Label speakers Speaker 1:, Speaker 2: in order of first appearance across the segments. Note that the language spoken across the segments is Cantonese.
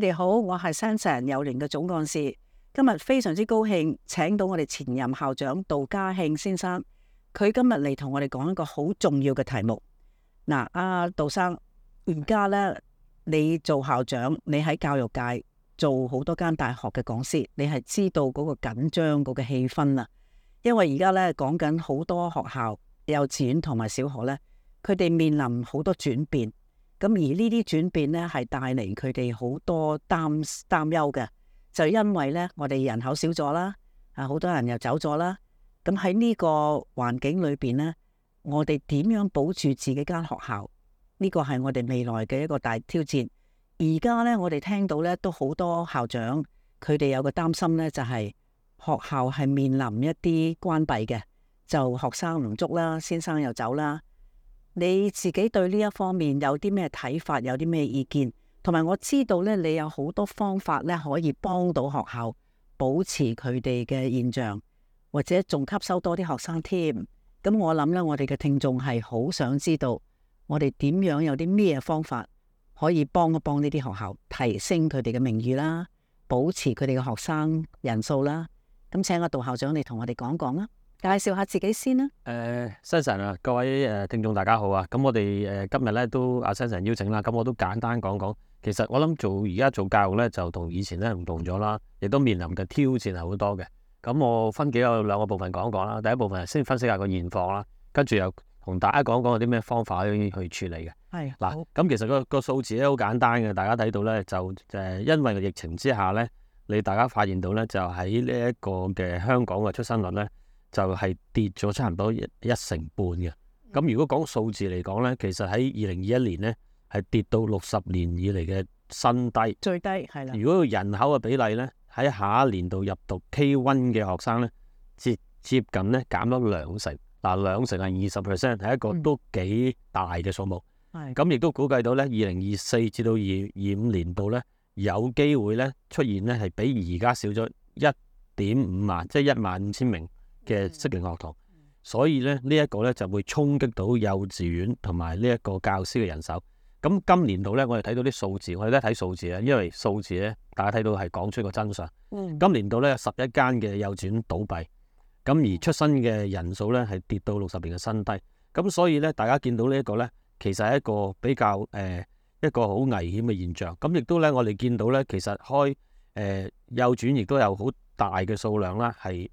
Speaker 1: 你哋好，我係 Sansan 幼聯嘅總幹事。今日非常之高興，請到我哋前任校長杜家慶先生。佢今日嚟同我哋講一個好重要嘅題目。嗱、啊，阿杜生，而家咧，你做校長，你喺教育界做好多間大學嘅講師，你係知道嗰個緊張嗰個氣氛啊，因為而家咧，講緊好多學校、幼稚園同埋小學咧，佢哋面臨好多轉變。咁而呢啲轉變咧，係帶嚟佢哋好多擔擔憂嘅，就因為咧，我哋人口少咗啦，啊，好多人又走咗啦，咁喺呢個環境裏邊咧，我哋點樣保住自己間學校？呢個係我哋未來嘅一個大挑戰。而家咧，我哋聽到咧都好多校長佢哋有個擔心咧，就係學校係面臨一啲關閉嘅，就學生唔足啦，先生又走啦。你自己對呢一方面有啲咩睇法，有啲咩意見？同埋我知道咧，你有好多方法咧，可以幫到學校保持佢哋嘅現象，或者仲吸收多啲學生添。咁我諗咧，我哋嘅聽眾係好想知道，我哋點樣有啲咩方法可以幫一幫呢啲學校提升佢哋嘅名譽啦，保持佢哋嘅學生人數啦。咁請阿杜校長你同我哋講講啦。介紹下自己先啦。
Speaker 2: 誒、呃，Sansan 啊，各位誒聽眾大家好啊。咁我哋誒今日咧都阿 Sansan 邀請啦，咁我都簡單講講。其實我諗做而家做教育咧，就同以前咧唔同咗啦，亦都面臨嘅挑戰係好多嘅。咁我分幾個兩個部分講講啦。第一部分先分析下個現況啦，跟住又同大家講講有啲咩方法去處理嘅。係嗱，咁其實個個數字咧好簡單嘅，大家睇到咧就誒，因為個疫情之下咧，你大家發現到咧就喺呢一個嘅香港嘅出生率咧。就係跌咗差唔多一一成半嘅。咁如果講數字嚟講呢，其實喺二零二一年呢，係跌到六十年以嚟嘅新低，最低係啦。如果個人口嘅比例呢，喺下一年度入讀 K1 嘅學生呢，接接近呢減咗兩成嗱，兩、啊、成係二十 percent，係一個都幾大嘅數目。咁亦、嗯、都估計到呢，二零二四至到二二五年度呢，有機會呢出現呢係比而家少咗一點五萬，即係一萬五千名嘅適齡學童，所以咧呢一個呢就會衝擊到幼稚園同埋呢一個教師嘅人手。咁今年度呢，我哋睇到啲數字，我哋睇數字啊，因為數字呢，大家睇到係講出一個真相。嗯、今年度呢，十一間嘅幼稚園倒閉，咁而出生嘅人數呢係跌到六十年嘅新低。咁所以呢，大家見到呢一個呢，其實係一個比較誒、呃、一個好危險嘅現象。咁亦都呢，我哋見到呢，其實開誒、呃、幼稚園亦都有好大嘅數量啦，係。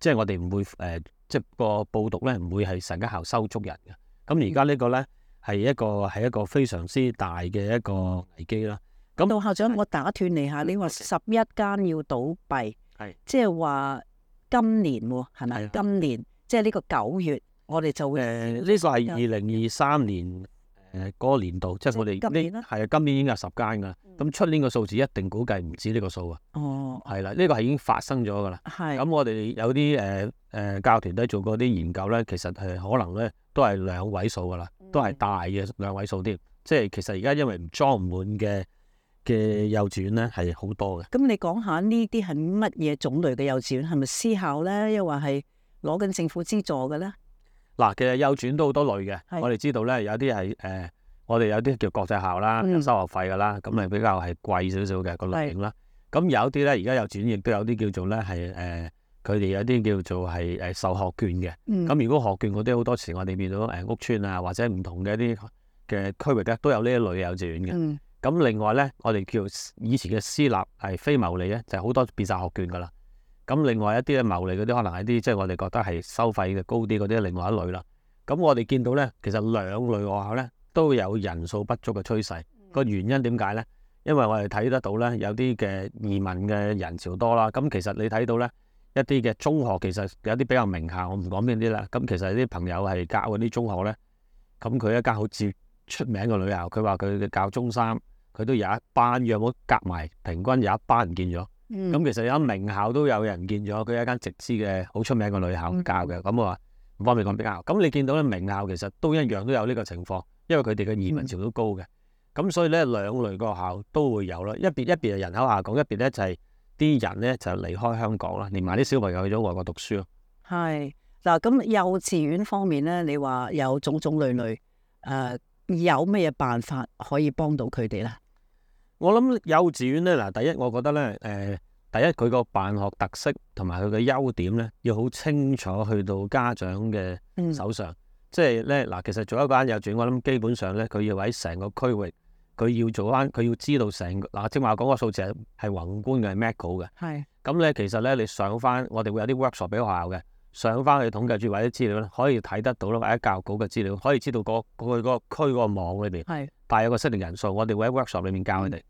Speaker 2: 即係我哋唔會誒、呃，即係個報讀咧唔會係成間校收足人嘅。咁而家呢個咧係一
Speaker 1: 個係一個非常之大嘅一個危機啦。咁杜校長，我打斷你下，你話十一間要倒閉，係是即係話今年喎，係咪？啊、今年即係呢個九月，我哋就會呢、呃呢個係二
Speaker 2: 零二三年。誒嗰、呃那個年度，即係我哋呢係啊，今年已經有十間噶啦。咁出年個數字一定估計唔止呢個數啊。哦，係啦，呢、這個係已經發生咗噶啦。係的。咁我哋有啲誒誒教團都做過啲研究咧，其實誒可能咧都係兩位數噶啦，都係、嗯、大嘅兩位數添。即係其實而家因為唔裝唔滿嘅嘅幼稚園咧係好多嘅。
Speaker 1: 咁你講下呢啲係乜嘢種類嘅幼稚園？係咪私校咧，又話係攞緊政府資助嘅咧？
Speaker 2: 其實幼稚園都好多類嘅。是、呃，我哋知道咧，有啲係誒，我哋有啲叫國際學校啦，有收學費嘅啦，咁咪、嗯、比較係貴少少嘅個類型啦。咁是有啲咧，而家幼稚園亦都有啲叫做咧係佢哋有啲叫做係誒受學券嘅。咁、嗯、如果學券，我都好多時我哋見到屋邨啊，或者唔同嘅一啲區域都有呢一類嘅幼稚園嘅。咁、嗯、另外呢，我哋叫以前嘅私立係非牟利就係、是、好多變曬學券噶啦。咁另外一啲咧牟利嗰啲，可能係一啲即係我哋覺得係收費嘅高啲嗰啲，另外一類啦。咁我哋見到咧，其實兩類學校咧都有人數不足嘅趨勢。個原因點解咧？因為我哋睇得到咧，有啲嘅移民嘅人潮多啦。咁其實你睇到咧，一啲嘅中學其實有啲比較名校，我唔講邊啲啦。咁其實有啲朋友係教嗰啲中學咧，咁佢一間好似出名嘅學校，佢話佢教中三，佢都有一班，如果夾埋平均有一班唔見咗。咁、嗯、其實有間名校都有人見咗，佢一間直資嘅好出名嘅女校教嘅，咁啊唔方便講邊間。咁你見到咧，名校其實都一樣都有呢個情況，因為佢哋嘅移民潮都高嘅。咁、嗯、所以咧，兩類個學校都會有啦。一邊一邊係人口下降，一邊咧就係啲人咧就離開香港啦，連埋啲小朋友去咗外國讀書。
Speaker 1: 係嗱，咁幼稚園方面咧，你話有種種類類，誒、呃、有咩嘢辦法可以幫到佢哋咧？
Speaker 2: 我諗幼稚園咧，嗱，第一我覺得咧，誒，第一佢個辦學特色同埋佢嘅優點咧，要好清楚去到家長嘅手上，即係咧，嗱，其實做一間幼稚園，我諗基本上咧，佢要喺成個區域，佢要做翻，佢要知道成個嗱，正話我講個數字係宏觀嘅，係 macro 嘅，係是。咁咧，其實咧，你上翻，我哋會有啲 workshop 俾學校嘅，上翻去統計住或者資料咧，可以睇得到或者教育局嘅資料，可以知道嗰佢嗰個區嗰個網裏邊，係是。但係有個適齡人數，我哋會喺 workshop 裏面教佢哋。嗯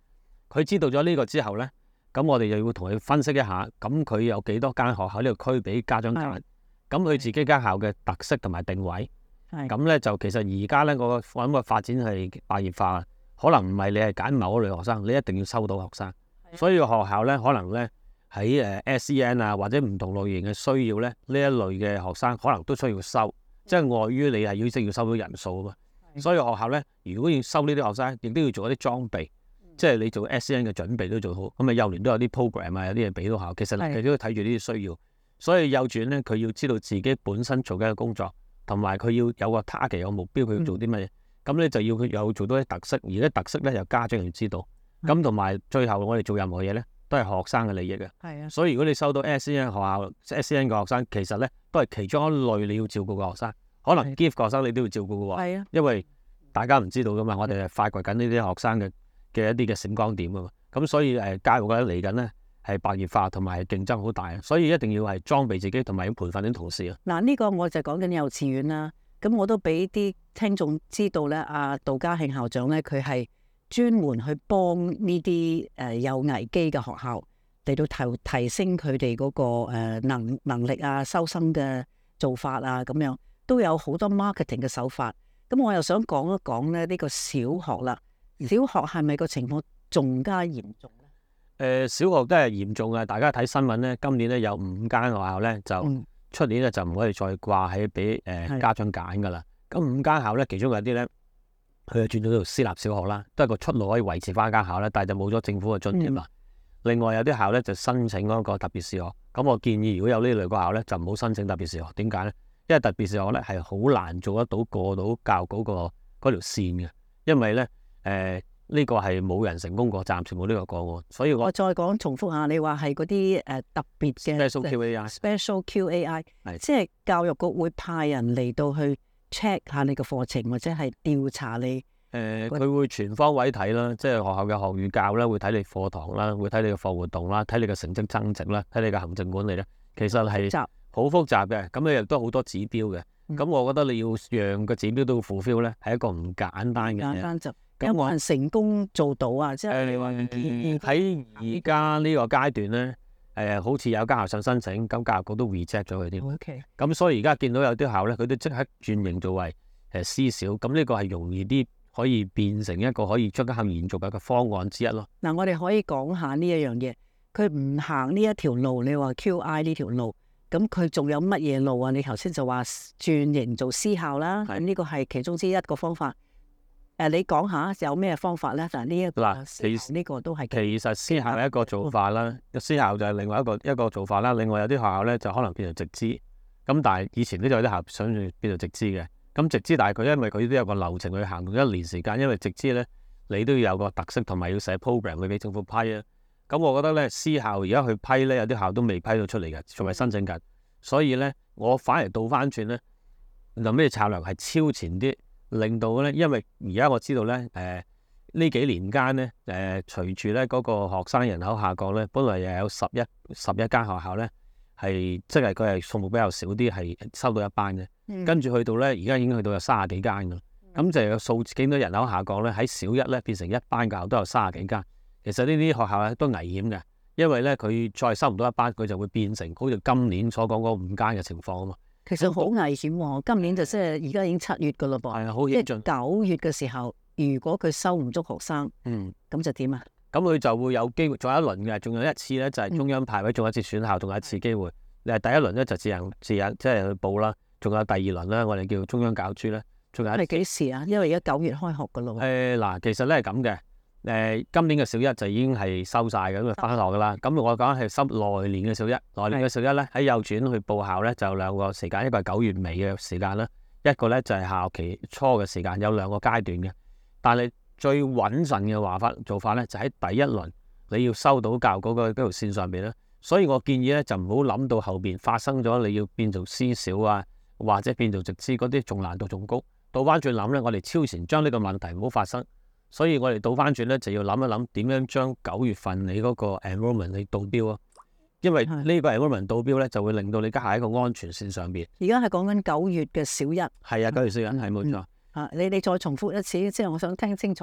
Speaker 2: 佢知道咗呢個之後呢，咁我哋就要同佢分析一下，咁佢有幾多間學校呢個區俾家長揀，咁佢是自己間校嘅特色同埋定位，咁呢是就其實而家呢個咁發展係產業化，可能唔係你係揀某一類學生，你一定要收到學生，所以學校呢可能呢喺 SEN 啊或者唔同類型嘅需要呢呢這一類嘅學生可能都需要收，即係礙於你係要即要收到人數啊，所以學校呢，如果要收呢啲學生，亦都要做一啲裝備。即係你做 s n 嘅準備都做好，咁啊幼聯都有啲 program 啊，有啲嘢俾到校。其實長期是的 都要睇住呢啲需要，所以幼稚園咧佢要知道自己本身做緊嘅工作，同埋佢要有個 target，有目標，佢要做啲乜嘢。咁咧、嗯、就要佢有做到啲特色，而啲特色咧由家長要知道。咁同埋最後我哋做任何嘢咧，都係學生嘅利益嘅。係啊。所以如果你收到 s n 學校 s n 嘅學生，其實咧都係其中一類你要照顧嘅學生。可能 gift 學生你都要照顧嘅喎、哦。啊。是的 因為大家唔知道噶嘛，我哋係發掘緊呢啲學生嘅。嘅一啲嘅閃光點啊，嘛，咁所以誒、呃，家我覺得嚟緊咧係白熱化同埋競爭好大，啊，所以一定要係裝備自己同埋培訓啲同事啊。
Speaker 1: 嗱，呢個我就講緊幼稚園啦，咁我都俾啲聽眾知道咧，阿、啊、杜家慶校長咧，佢係專門去幫呢啲誒有危機嘅學校嚟到提提升佢哋嗰個、呃、能能力啊、收生嘅做法啊，咁樣都有好多 marketing 嘅手法。咁我又想講一講咧呢、呢個小學啦。小學係咪個情況仲加嚴重咧？誒、呃，
Speaker 2: 小學都係嚴重嘅。大家睇新聞咧，今年咧有五間學校咧就出、嗯、年咧就唔可以再掛喺俾誒家長揀噶啦。咁五間校咧，其中有啲咧，佢就轉咗做私立小學啦，都係個出路可以維持翻間校咧，但係就冇咗政府嘅津貼啦。嗯、另外有啲校咧就申請嗰個特別視學。咁我建議如果有類學呢類嘅校咧，就唔好申請特別視學。點解咧？因為特別視學咧係好難做得到過到教育局、嗰個嗰條線嘅，因為咧。誒，呢、呃這個係冇人成功過，暫時冇呢個個案，所以我，我再講
Speaker 1: 重複下，你話係嗰啲誒特別嘅 Special QAI，Special、呃、QAI，是即係教育局會派人嚟到去 check 下你嘅課程，或者係調查你。
Speaker 2: 誒、呃，佢會全方位睇啦，即係學校嘅學與教啦，會睇你課堂啦，會睇你嘅課活動啦，睇你嘅成績增值啦，睇你嘅行政管理啦。其實係好複雜嘅，咁你亦都好多指標嘅。咁、嗯、我覺得你要讓個指標都 fulfill 咧，係一個唔簡單嘅。
Speaker 1: 有冇人成功
Speaker 2: 做到啊？即係、呃呃、你話喺而家呢個階段咧，誒、呃、好似有間校想申請，咁教育局都 reject 咗佢添。O Okay . K、嗯。咁所以而家見到有啲校咧，佢都即刻轉型做為誒私、呃、小，咁、嗯、呢、這個係容易啲可以變成一個可以出得校延續嘅嘅方案之一咯。
Speaker 1: 嗱、嗯，我哋可以講下呢一樣嘢，佢唔行呢一條路，你話 QI 呢條路，咁佢仲有乜嘢路啊？你頭先就話轉型做私校啦，咁呢個係其中之一個方法。誒，你講下有咩方法咧？但呢、
Speaker 2: 這、一個，呢實個都係其,其實私校一個做法啦。 私校就係另外一個一個做法啦。另外有啲學校咧，就可能變成直資。咁但係以前咧就有啲學校想變成直資嘅。咁直資，但係佢因為佢都有個流程，去行到一年時間。因為直資咧，你都要有個特色同埋要寫 program 去俾政府批啊。咁我覺得咧，私校而家去批咧，有啲校都未批到出嚟嘅，仲係申請緊。所以咧，我反而倒翻轉咧，就咩策略係超前啲。令到咧，因為而家我知道咧，誒、呃、呢幾年間咧，誒隨住咧嗰個學生人口下降咧，本來又有十一十一間學校咧，係即係佢係數目比較少啲，係收到一班嘅。跟住去到咧，而家已經去到有三十幾間啦。咁就係有數幾多人口下降咧，喺小一咧變成一班嘅學校都有三十幾間。其實呢啲學校呢都危險嘅，因為咧佢再收唔到一班，佢就會變成好似今年所講嗰五間嘅情況啊嘛。
Speaker 1: 其實好危險喎！今年就即係而家已經七月㗎啦噃，即係九月嘅時候，如果佢收唔足學生，嗯，咁就點啊？
Speaker 2: 咁佢、嗯、就會有機會再一輪嘅，仲有一次咧，就係、是、中央派位，仲有一次選校，仲有一次機會。你係、嗯、第一輪咧，就自行自行即係去報啦。仲有第二輪咧，我哋叫中央攪珠咧，仲有一。
Speaker 1: 係幾時啊？因為而家九月開學㗎啦。
Speaker 2: 誒嗱、欸，其實咧係咁嘅。誒、呃，今年嘅小一就已經係收晒嘅，咁啊翻學噶啦。咁、嗯、我講係收嚟年嘅小一，嚟年嘅小一咧喺幼稚園去報考呢，就兩個時間，一個係九月尾嘅時間啦，一個呢就係、是、下學期初嘅時間，有兩個階段嘅。但係最穩陣嘅話法做法呢，就喺第一輪你要收到教育局嗰條線上面啦。所以我建議呢，就唔好諗到後面發生咗你要變做私小啊，或者變做直資嗰啲，仲難度仲高。倒翻轉諗呢，我哋超前將呢個問題唔好發生。所以我哋倒翻轉咧，就要諗一諗點樣將九月份你嗰個 environment 去度標啊，因為個倒呢個 environment 度標咧，就會令到你家下一個安全線上邊。
Speaker 1: 而家係講緊九月嘅小一。
Speaker 2: 係啊，九、嗯、月小一係冇錯。啊、嗯
Speaker 1: 嗯，你你再重複一次，即係我想聽清楚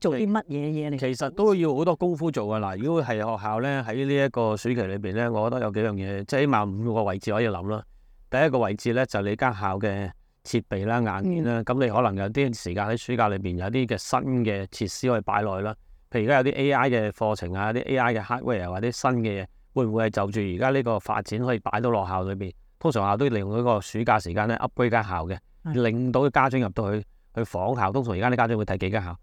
Speaker 1: 做做，
Speaker 2: 做啲乜嘢嘢咧？其實都要好多功夫做噶。嗱，如果係學校咧，喺呢一個暑期裏邊咧，我覺得有幾樣嘢，即係起碼五個位置可以諗啦。第一個位置咧，就是、你家校嘅。設備啦、硬件啦，咁、嗯、你可能有啲時間喺暑假裏邊有啲嘅新嘅設施可以擺落去啦。譬如而家有啲 AI 嘅課程啊，有啲 AI 嘅 hardware 啊，或者新嘅嘢，會唔會係就住而家呢個發展可以擺到落校裏邊？通常校都要利用呢個暑假時間咧 upgrade 間校嘅，令到啲家長入到去去訪校。通常而家啲家長會睇幾間校，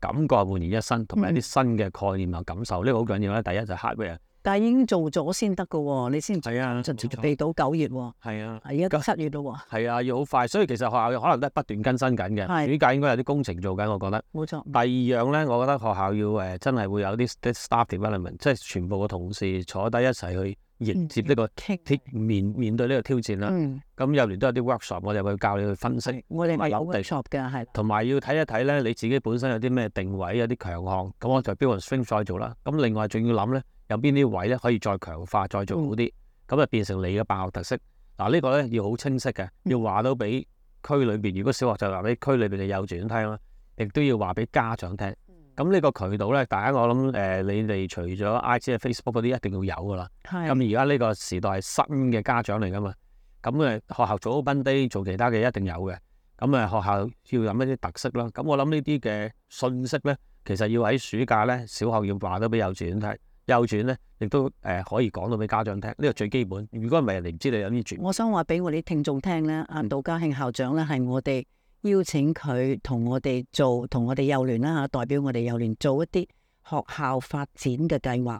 Speaker 2: 感覺煥然一新，同埋一啲新嘅概念同感受。呢、嗯、個好緊要啦，第一就係、是、hardware。
Speaker 1: 但已經做咗先得噶喎，你先準備到九月喎。係啊，而家七月啦喎。
Speaker 2: 係啊，要好快，所以其實學校可能都係不斷更新緊嘅。暑假的應該有啲工程做緊，我覺得。冇錯。第二樣咧，我覺得學校要誒真係會有啲 staff d e v e l o p m e n t 即係全部嘅同事坐低一齊去迎接呢、這個挑、嗯、面面對呢個挑戰啦。咁入年都有啲 workshop，我哋會教你去分析。我哋有，有 workshop 嘅，係。同埋要睇一睇咧，你自己本身有啲咩定位，有啲強項，咁我就標定 s t r e n g t h e 再做啦。咁另外仲要諗咧。有邊啲位可以再強化、再做好啲咁啊，就變成你嘅辦學特色嗱。啊這個、呢個咧要好清晰嘅，要話到俾區裏面。如果小學就話俾區裏面嘅幼稚園聽啦，亦都要話俾家長聽。咁呢個渠道咧，大家我諗、呃、你哋除咗 IG、Facebook 嗰啲，一定要有噶啦。咁而家呢個時代係新嘅家長嚟噶嘛，咁、嗯、學校做 open day 做其他嘅一定有嘅。咁、嗯、學校要揾一啲特色啦。咁、嗯、我諗呢啲嘅信息咧，其實要喺暑假咧，小學要話到俾幼稚園聽。右轉咧，
Speaker 1: 亦都誒、呃、可以講到俾家長聽，呢、這個最基本。如果唔係，你唔知你有啲轉。我想話俾我哋聽眾聽咧，啊杜家慶校長咧係我哋邀請佢同我哋做同我哋幼聯啦嚇，代表我哋幼聯做一啲學校發展嘅計劃。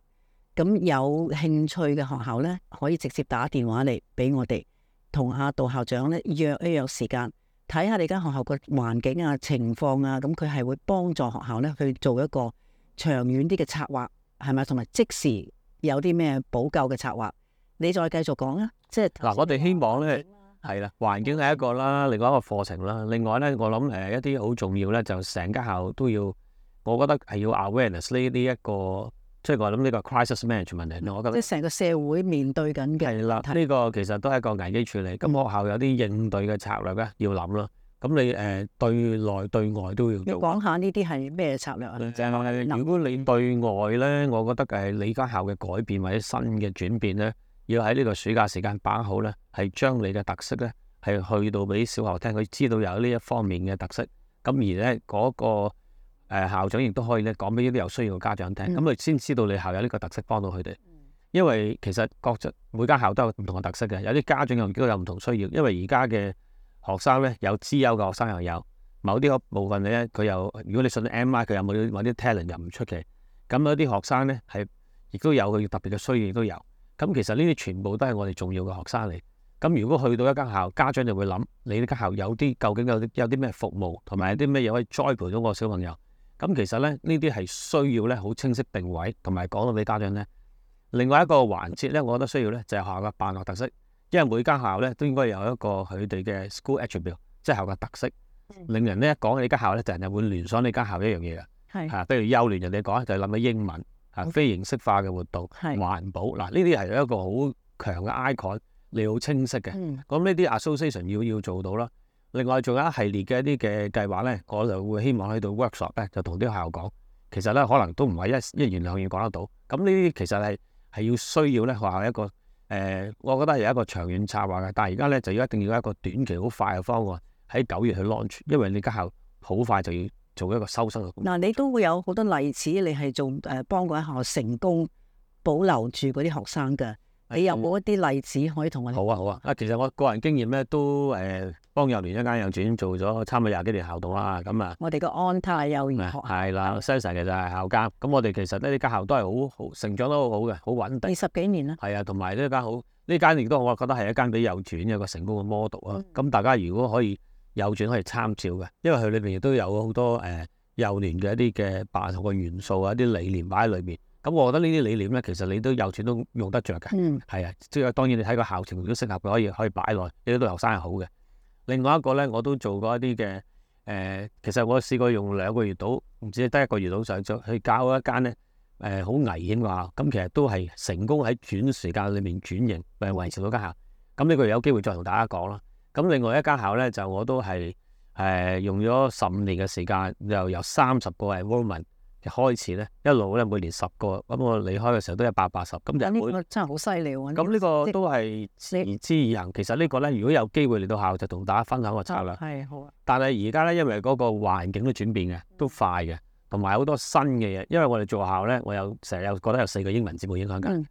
Speaker 1: 咁有興趣嘅學校咧，可以直接打電話嚟俾我哋，同阿杜校長咧約一約時間，睇下你間學校嘅環境啊、情況啊，咁佢係會幫助學校咧去做一個長遠啲嘅策劃。係咪？同埋即時有啲咩，補救嘅策劃，你再繼續講啊！即係
Speaker 2: 嗱，我哋希望咧係啦，環、嗯、境係一個啦，另外一個課程啦，另外咧我諗誒、呃、一啲好重要咧，就成間校都要，我覺得係要 awareness 呢呢一個，即係我諗呢個 crisis management 問、嗯、題。我覺得，即係
Speaker 1: 成個社會面對緊嘅。
Speaker 2: 係啦的，呢、這個其實都係一個危機處理，咁學校有啲應對嘅策略咧，要諗囉。咁你誒、呃、對內對外都要。你講
Speaker 1: 下呢啲係咩策略
Speaker 2: 啊？誒，如果你對外咧，我覺得誒你間校嘅改變或者新嘅轉變咧，要喺呢個暑假時間把握好咧，係將你嘅特色咧係去到俾小學聽，佢知道有呢一方面嘅特色。咁而咧嗰、嗰個校長亦都可以咧講俾呢啲有需要嘅家長聽，咁佢先知道你校有呢個特色幫到佢哋。嗯、因為其實各則每間校都有唔同嘅特色嘅，有啲家長又幾多有唔同需要，因為而家嘅。學生咧有資優嘅學生又有，某啲個部分咧佢又如果你信 MI 佢有冇啲某啲 talent 又唔出奇，咁有啲學生咧係亦都有佢特別嘅需要亦都有，咁其實呢啲全部都係我哋重要嘅學生嚟。咁如果去到一間校，家長就會諗你呢間校有啲究竟有有啲咩服務同埋有啲咩嘢可以栽培到個小朋友。咁其實咧呢啲係需要咧好清晰定位同埋講到俾家長咧。另外一個環節咧，我覺得需要咧就係學校嘅辦學特色。因為每間校咧都應該有一個佢哋嘅 school attribute，即係校嘅特色，令人咧一講起呢間校咧，就係咧會聯想呢間校一樣嘢
Speaker 1: 嘅，嚇
Speaker 2: 是、啊。比如幼聯人哋講就係諗起英文，嚇、啊、非形式化嘅活動，環 Okay. 保嗱，呢啲係有一個好強嘅 icon，你好清晰嘅。咁呢啲、嗯、association 要要做到啦。另外仲有一系列嘅一啲嘅計劃咧，我就會希望喺度 workshop 咧就同啲學校講，其實咧可能都唔係一一言兩語講得到。咁呢啲其實係係要需要咧學校一個。誒、呃，我覺得有一個長遠策劃嘅，但係而家咧就要一定要一個短期好快嘅方案喺九月去 launch，因為你家下好快就要做一個收生嘅工。嗱、
Speaker 1: 啊，你都會有好多例子，你係做誒幫過一下，成功保留住嗰啲學生嘅，你有冇一啲例子可以同我講、嗯？好啊好
Speaker 2: 啊！啊，其實我個人經驗咧都誒。呃幫幼聯一間幼兒園做咗差唔多廿幾年校董啦，咁、嗯、啊，我哋個安泰幼兒園係啦，Sansan 其實係校監，咁我哋其實呢啲校都係好好成長得好好嘅，好穩定。二十幾年啦，係啊，同埋呢間好呢間亦都我覺得係一間比幼有傳有個成功嘅 model 啊。咁、嗯嗯嗯、大家如果可以幼傳可以參照嘅，因為佢裏邊亦都有好多誒幼、呃、聯嘅一啲嘅辦學嘅元素啊，一啲理念擺喺裏面。咁、嗯嗯、我覺得呢啲理念咧，其實你都幼傳都用得着嘅，係啊。即、嗯、係、嗯、當然你睇個校情如果適合，可以可以擺落，亦都對學生係好嘅。另外一個呢，我都做過一啲嘅，誒、呃，其實我試過用兩個月到，唔知得一個月到上去教一間呢。誒、呃，好危險嘅校，咁、嗯、其實都係成功喺短時間裡面轉型，誒，維持到間校。咁、嗯、呢、這個有機會再同大家講啦。咁、嗯、另外一間校呢，就我都係誒、呃、用咗十五年嘅時間，又有三十個嘅 enrolment 開始咧，一路咧每年十個，咁、嗯、我離開嘅時候都一百八十。咁就真係
Speaker 1: 好犀利喎！
Speaker 2: 咁呢個都係持之以恆。其實個呢個咧，如果有機會嚟到校就同大家分享個策略。係、啊、好啊！但係而家咧，因為嗰個環境都轉變嘅，都快嘅，同埋好多新嘅嘢。因為我哋做校咧，我有成日有覺得有四個英文字母影響緊。嗯、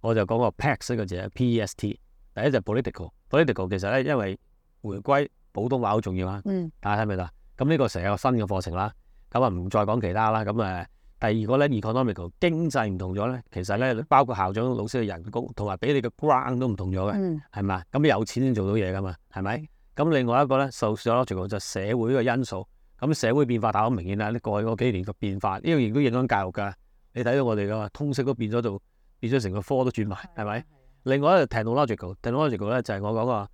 Speaker 2: 我就講個 PAX 一個字，P.E.S.T。第一就 political，political 其實咧，因為回歸普通話好重要啊。嗯。大家睇咪得？咁呢個成日有新嘅課程啦。咁啊，唔再講其他啦。咁誒，第二個咧 economical 經濟唔同咗咧，其實咧，包括校長、老師嘅人工同埋俾你嘅 grant 都唔同咗嘅，係、嗯、嘛？咁有錢先做到嘢噶嘛，係咪？咁另外一個咧，sociological，就社會嘅因素。咁社會變化大家都明顯啦。你過去嗰幾年個變化，呢、這個亦都影響教育㗎。你睇到我哋個通識都變咗做，變咗成個科都轉埋，係咪？嗯、另外一個 technological，technological 咧就係、是、我講個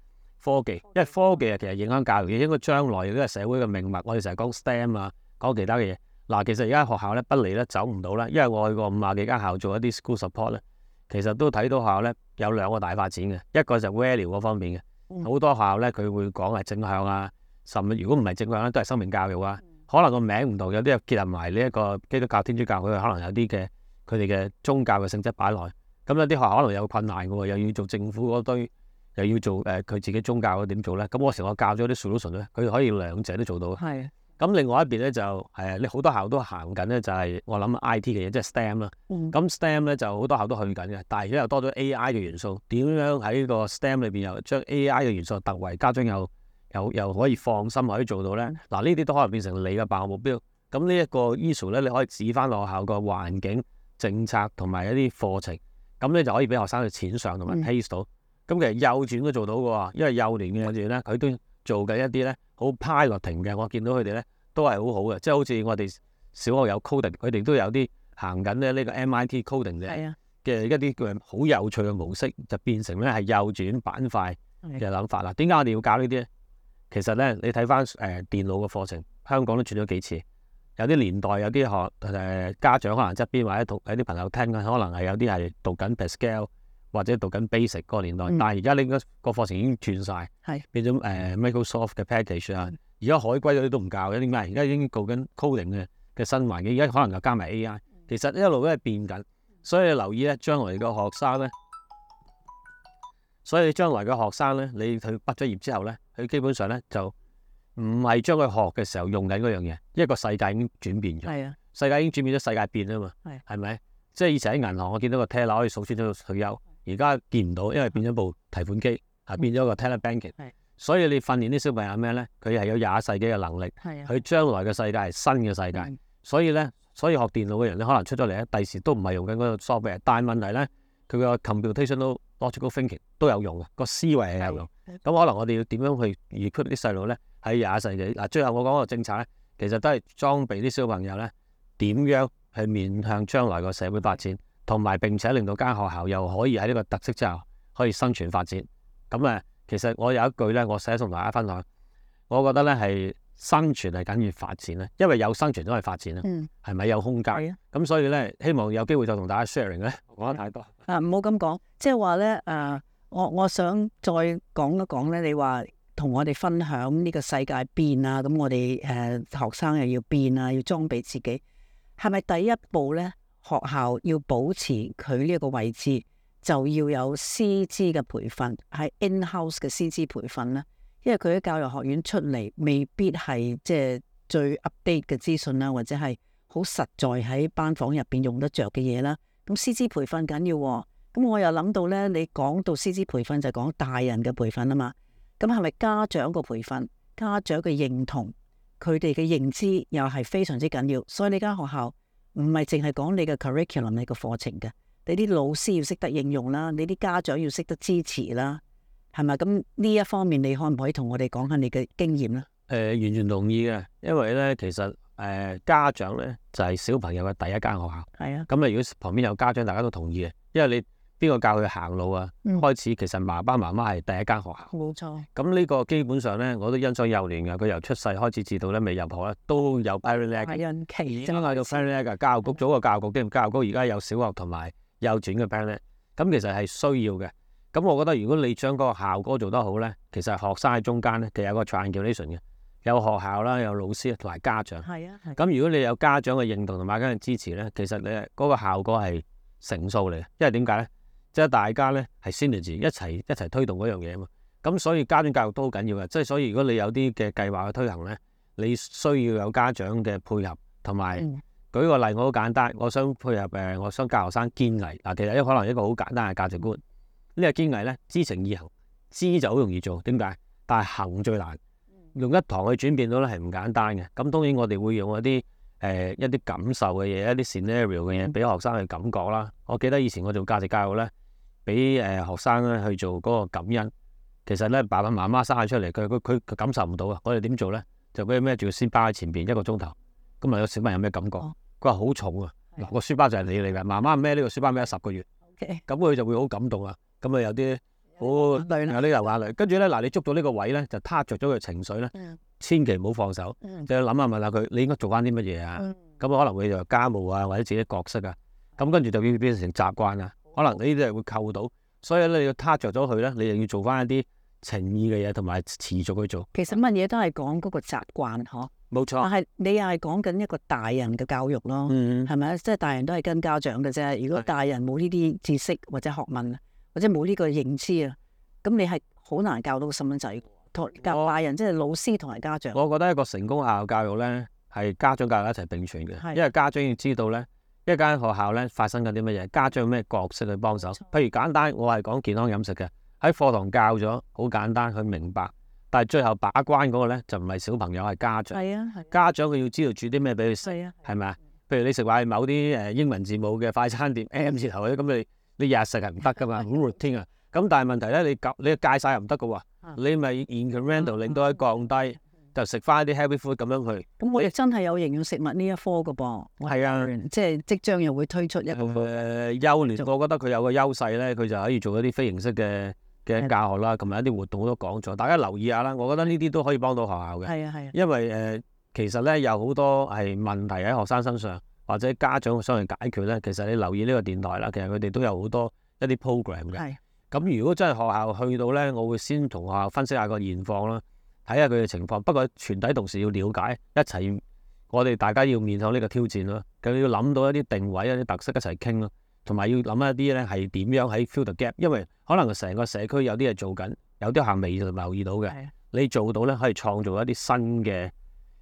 Speaker 2: 科技，因為科技啊，其實影響教育嘅。應該將來亦都係社會嘅命脈，我哋成日講 STEM 啊。講其他嘅嘢，嗱，其實而家學校咧不離咧走唔到啦，因為我去過五十幾間校做一啲 school support 咧，其實都睇到學校咧有兩個大發展嘅，一個就係 value 嗰方面嘅。好多學校咧佢會講係正向啊，甚至如果唔係正向咧都係生命教育啊，可能個名唔同，有啲係結合埋呢一個基督教、天主教，佢可能有啲嘅佢哋嘅宗教嘅性質擺落去。咁有啲學校可能有困難嘅，又要做政府嗰堆，又要做誒佢自己宗教嘅點做咧，咁我成個教咗啲 solution 咧，佢可以兩者都做到。咁另外一邊咧就誒、哎，你好多校都行緊咧，就係、是、我諗 IT 嘅嘢，即係 STEM 啦、嗯。咁 STEM 咧就好多校都去緊嘅，但係而家又多咗 AI 嘅元素。點樣喺個 STEM 裏邊又將 AI 嘅元素突圍，家長又又又可以放心可以做到咧？嗱，呢啲都可能變成你嘅辦學目標。咁呢一個 issue 咧，你可以指翻落校個環境政策同埋一啲課程，咁咧就可以俾學生去淺上同埋 face 到。咁、嗯、其實幼稚園都做到嘅喎，因為幼年嘅階段咧，佢都。做緊一啲咧好 piloting 嘅，我見到佢哋咧都係好好嘅，即係好似我哋小學有 coding，佢哋都有啲行緊咧呢個 MIT coding 嘅嘅一啲叫好有趣嘅模式，就變成咧係幼兒園板塊嘅諗法啦。點解 Okay. 我哋要搞呢啲咧？其實咧你睇翻誒電腦嘅課程，香港都轉咗幾次，有啲年代有啲學誒、呃、家長可能側邊或者同有啲朋友聽緊，可能係有啲係讀緊 Pascal 或者讀緊 basic 嗰個年代，嗯、但係而家你咧個課程已經斷晒，變咗是 Microsoft 嘅 package 啊、嗯。而家海歸嗰啲都唔教，因為點解？而家已經做緊 coding 嘅嘅新環境，而家可能又加埋 AI。其實一路都係變緊，所以你留意咧，將來嘅學生咧，所以你將來嘅學生咧，你佢畢咗業之後咧，佢基本上咧就唔係將佢學嘅時候用緊嗰樣嘢，因為個世界已經轉變咗。係啊的，世界已經轉變咗，世界變啊嘛。係咪的的？即係以前喺銀行，我見到個 teller 可以數穿咗退休。而家見唔到，因為變咗部提款機，嚇、嗯啊、變咗個 telebanking、嗯。所以你訓練啲小朋友咩呢？佢係有廿一世紀嘅能力。佢的將來嘅世界係新嘅世界。嗯、所以呢，所以學電腦嘅人咧，可能出咗嚟咧，第時都唔係用緊嗰個 software。但係問題咧，佢個 computational logical thinking 都有用嘅，個思維係有用。咁的可能我哋要點樣去 equip 啲細路咧？喺廿一世紀、啊、最後我講嗰個政策呢，其實都係裝備啲小朋友咧，點樣去面向將來個社會發展。同埋並且令到間學校又可以喺呢個特色之下可以生存發展，咁誒，其實我有一句呢，我寫同大家分享，我覺得呢係生存係緊要發展咧，因為有生存都係發展啦，係咪、嗯、有空間？咁、啊、所以呢，希望有機會再同大家 sharing、啊、呢。講得太
Speaker 1: 多啊！唔好咁講，即係話呢，誒，我我想再講一講呢。你話同我哋分享呢個世界變啊，咁、嗯、我哋誒、啊、學生又要變啊，要裝備自己，係咪第一步呢？學校要保持佢呢一個位置，就要有師資嘅培訓，係 in-house 嘅師資培訓啦。因為佢喺教育學院出嚟，未必係即係最 update 嘅資訊啦，或者係好實在喺班房入邊用得着嘅嘢啦。咁師資培訓緊要啊，咁我又諗到咧，你講到師資培訓就係講大人嘅培訓啊嘛。咁係咪家長個培訓？家長嘅認同，佢哋嘅認知又係非常之緊要。所以呢間學校。唔係淨係講你嘅 curriculum，你個課程嘅，你啲老師要識得應用啦，你啲家長要識得支持啦，係咪？咁呢一方面，你可唔可以同我哋講下你嘅經驗啦。
Speaker 2: 誒、呃，完全同意嘅，因為咧，其實誒、呃，家長咧就係、是、小朋友嘅第一間學校。係啊。咁啊、嗯，如果旁邊有家長，大家都同意嘅，因為你。邊個教佢行路啊？嗯、開始其實爸爸媽媽係第一間學校，
Speaker 1: 冇錯。
Speaker 2: 咁呢個基本上咧，我都欣賞幼年嘅佢由出世開始至到咧未入學咧都有 p a r e n t g 即係講嗌做 p r e n t g 教育局的早個教育局經驗，教育局而家有小學同埋幼轉嘅 p a r n t i n g 咁其實係需要嘅。咁我覺得如果你將嗰個效果做得好咧，其實學生喺中間咧，其實有一個 transformation 嘅，有學校啦，有老師同埋家長。係啊。咁如果你有家長嘅認同同埋跟住支持咧，其實你嗰個效果係成數嚟嘅，因為點解咧？即係大家咧係 synergy 一齊一齊推動嗰樣嘢啊嘛，咁所以家庭教育都好緊要嘅，即係所以如果你有啲嘅計劃去推行咧，你需要有家長嘅配合，同埋、嗯、舉個例子，我好簡單，我想配合誒，我想教學生堅毅嗱，其實呢可能一個好簡單嘅價值觀，呢、嗯、個堅毅咧知情意行知就好容易做，點解？但係行最難，用一堂去轉變到咧係唔簡單嘅，咁當然我哋會用一啲誒、呃、一啲感受嘅嘢，一啲 scenario 嘅嘢俾學生去感覺啦。嗯、我記得以前我做價值教育咧。俾誒、呃、學生咧去做嗰個感恩，其實咧爸爸媽媽生出嚟，佢佢佢感受唔到啊！我哋點做咧？就俾佢孭住個書包喺前邊一個鐘頭，咁啊，小朋友有咩感覺？佢話好重啊！嗱的，個書包就係你嚟嘅，媽媽孭呢個書包孭十個月，咁佢 Okay. 就會好感動啊！咁啊，yeah, 有啲哦有啲流眼淚。跟住咧，嗱，你捉到呢個位咧，就撻着咗佢情緒咧，嗯、千祈唔好放手，就諗、嗯、下問下佢，你應該做翻啲乜嘢啊？咁啊、嗯，就可能會做家務啊，或者自己角色啊，咁跟住就變變成習慣啊。可能你呢啲係會扣到，所以咧你要撻着咗佢咧，你又要做翻一啲情意嘅嘢，同埋持續去做。
Speaker 1: 其實乜嘢都係講嗰個習慣，嗬？
Speaker 2: 冇錯。但係
Speaker 1: 你又係講緊一個大人嘅教育咯，係咪啊？即係、就是、大人都係跟家長嘅啫。如果大人冇呢啲知識或者學問，是或者冇呢個認知啊，咁你係好難教到個細蚊仔。同教大人我即係老師同埋家長。
Speaker 2: 我覺得一個成功學校教育咧，係家長教育一齊並存嘅，是因為家長要知道咧。一間學校咧發生緊啲乜嘢？家長咩角色去幫手？譬如簡單，我係講健康飲食嘅，喺課堂教咗好簡單，佢明白。但係最後把關嗰個咧就唔係小朋友，係家長。係啊，家長佢要知道煮啲咩俾佢食，係咪啊？譬如你食埋某啲誒英文字母嘅快餐店 M 字頭嗰啲，咁你你日食係唔得㗎嘛？好 routine 啊！咁但係問題咧，你禁你戒曬又唔得嘅喎，你咪 incremental 令到佢降低。就食翻啲 healthy food 咁樣去。
Speaker 1: 咁我亦真係有營養食物呢一科嘅噃。係是啊，即係即將又會推出一個。誒、呃，幼聯，做我
Speaker 2: 覺得佢有個優勢咧，佢就可以做一啲非形式嘅嘅教學啦，同埋的一啲活動好多講座，大家留意下啦。我覺得呢啲都可以幫到學校嘅。係啊係啊。因為誒、呃，其實咧有好多係問題喺學生身上，或者家長想嚟解決咧，其實你留意呢個電台啦，其實佢哋都有好多一啲 program 嘅。係的。咁的如果真係學校去到咧，我會先同學校分析一下一個現況啦。睇下佢嘅情況，不過全體同事要了解，一齊我哋大家要面向呢個挑戰咯。咁要諗到一啲定位、一啲特色一起，一齊傾咯，同埋要諗一啲咧係點樣喺 fill the gap，因為可能成個社區有啲嘢做緊，有啲仲未留意到嘅，是的 你做到呢，可以創造一啲新嘅。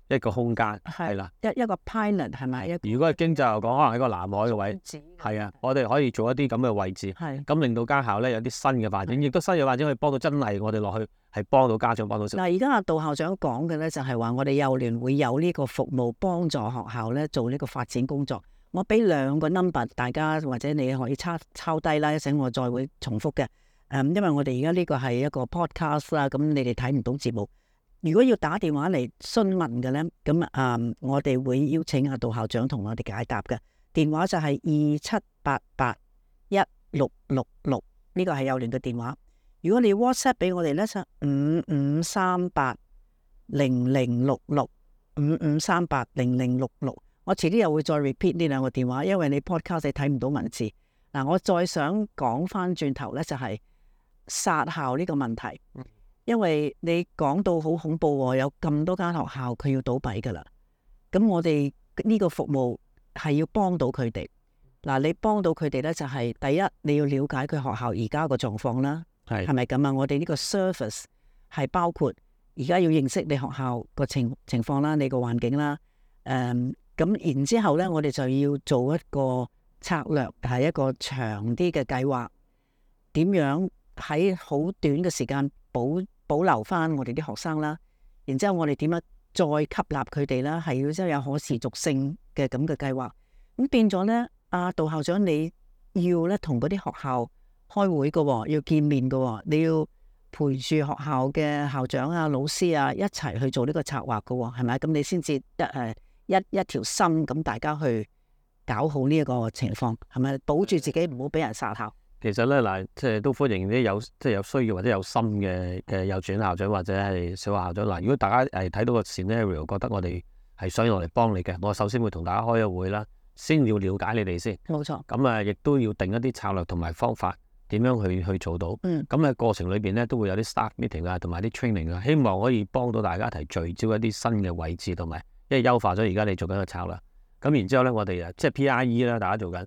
Speaker 2: 一個空間係啦是
Speaker 1: 了，一一個 pilot 係咪？
Speaker 2: 如果係經濟嚟講，可能喺個南海嘅位置，係啊，我哋可以做一啲咁嘅位置，咁的令到家校咧有啲新嘅發展，的亦都新嘅發展可以幫到真係我哋落去係幫到家長幫到。嗱，而
Speaker 1: 家阿杜校長講嘅咧就係話，我哋幼聯會有呢個服務幫助學校咧做呢個發展工作。我俾兩個 number，大家或者你可以抄抄低啦，一陣我再會重複嘅。誒、嗯，因為我哋而家呢個係一個 podcast 啦，咁你哋睇唔到節目。如果要打電話嚟詢問嘅咧，咁啊、嗯，我哋會邀請阿杜校長同我哋解答嘅電話就係二七八八一六六六，呢個係幼聯嘅電話。如果你 WhatsApp 俾我哋咧就，五五三八零零六六五五三八零零六六，我遲啲又會再 repeat 呢兩個電話，因為你 podcast 你睇唔到文字。嗱、啊，我再想講翻轉頭咧就係、是、殺校呢個問題。嗯因為你講到好恐怖喎、哦，有咁多間學校佢要倒閉㗎啦。咁我哋呢個服務係要幫到佢哋。嗱、啊，你幫到佢哋咧，就係、是、第一你要了解佢學校而家個狀況啦。係係咪咁啊？我哋呢個 service 係包括而家要認識你學校個情情況啦，你個環境啦。誒、嗯，咁然之後咧，我哋就要做一個策略，係一個長啲嘅計劃，點樣喺好短嘅時間保。保留翻我哋啲學生啦，然之後我哋點樣再吸納佢哋啦？係要即係有可持續性嘅咁嘅計劃，咁變咗咧，阿、啊、杜校長你要咧同嗰啲學校開會㗎喎，要見面㗎喎，你要陪住學校嘅校長啊、老師啊一齊去做呢個策劃㗎喎，係咪？咁你先至得、呃、一誒一一條心咁大家去搞好呢一個情況，係咪保住自己唔好俾人殺校？
Speaker 2: 其實咧嗱，即係都歡迎啲有即係有需要或者有心嘅嘅幼稚園校長或者係小學校長嗱，如果大家係睇到個 scenario，覺得我哋係想落嚟幫你嘅，我首先會同大家開個會啦，先要了解你哋先。冇錯。咁啊，亦都要定一啲策略同埋方法，點樣去去做到？咁喺、嗯、過程裏邊咧，都會有啲 staff meeting 啊，同埋啲 training 啊，希望可以幫到大家提一齊聚焦一啲新嘅位置同埋，因為優化咗而家你做緊嘅策略。咁然之後咧，我哋啊即係 P R E 啦，大家做緊。